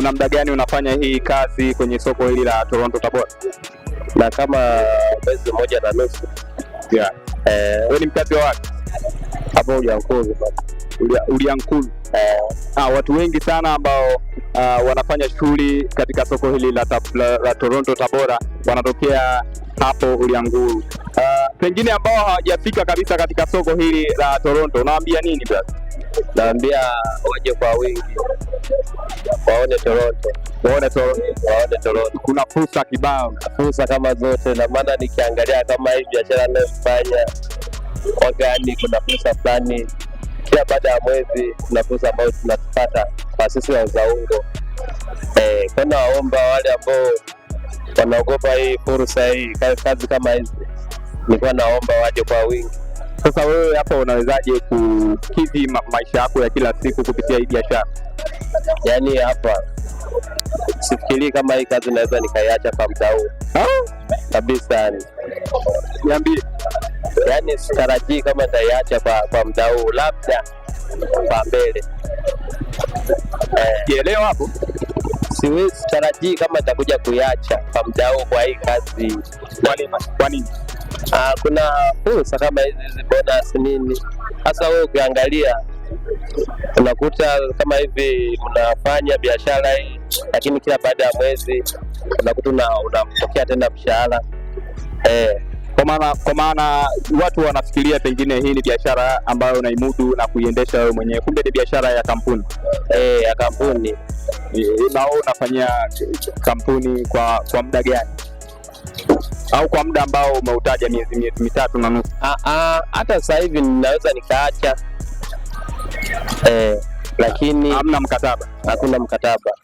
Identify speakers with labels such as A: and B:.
A: Kuna muda gani unafanya hii kazi kwenye soko hili la Toronto Tabora?
B: Na kama mwezi mmoja na nusu.
A: Yeah. Eh, wewe ni mkazi wa wapi?
B: Hapo Uliankuru. Uliankuru. Eh,
A: ah, watu wengi sana ambao uh, wanafanya shughuli katika soko hili la, ta, la, la Toronto Tabora wanatokea hapo Uliankuru. Uh, ah, pengine ambao hawajafika kabisa katika soko hili la Toronto, unawaambia nini basi?
B: Naambia waje kwa wingi waone Toronto,
A: waone Toronto,
B: waone Toronto.
A: Kuna fursa kibao,
B: fursa kama zote, na maana nikiangalia kama hii biashara anayofanya kwa gani, kuna fursa fulani kila baada ya mwezi, kuna fursa ambayo tunazipata kwa sisi wa uzaungo eh, kwenda waomba wale ambao wanaogopa hii fursa hii, kazi kama hizi, nilikuwa naomba waje kwa wingi.
A: Sasa wewe hapa unawezaje kukidhi maisha yako ya kila siku kupitia hii biashara?
B: yaani hapa sifikirii kama hii kazi naweza nikaiacha kwa mda huu kabisa. Yani niambie, yaani sitarajii kama nitaiacha kwa mda huu, labda kwa mbele
A: eh. kielewa Hapo
B: siwezi tarajii kama nitakuja kuiacha kwa mda huu kwa hii kazi. Kwa nini? Ah, kuna fursa kama hizi hizi bonus nini, hasa wewe ukiangalia unakuta kama hivi unafanya biashara hii, lakini kila baada ya mwezi unakuta unapokea tena mshahara eh.
A: Kwa maana kwa maana watu wanafikiria pengine hii ni biashara ambayo unaimudu na kuiendesha wewe mwenyewe, kumbe ni biashara ya kampuni
B: eh, ya kampuni.
A: Na wewe unafanyia kampuni kwa kwa muda gani? au kwa muda ambao umeutaja miezi mitatu na nusu?
B: Ah, ah, hata sasa hivi ninaweza nikaacha eh, lakini
A: hamna mkataba,
B: hakuna mkataba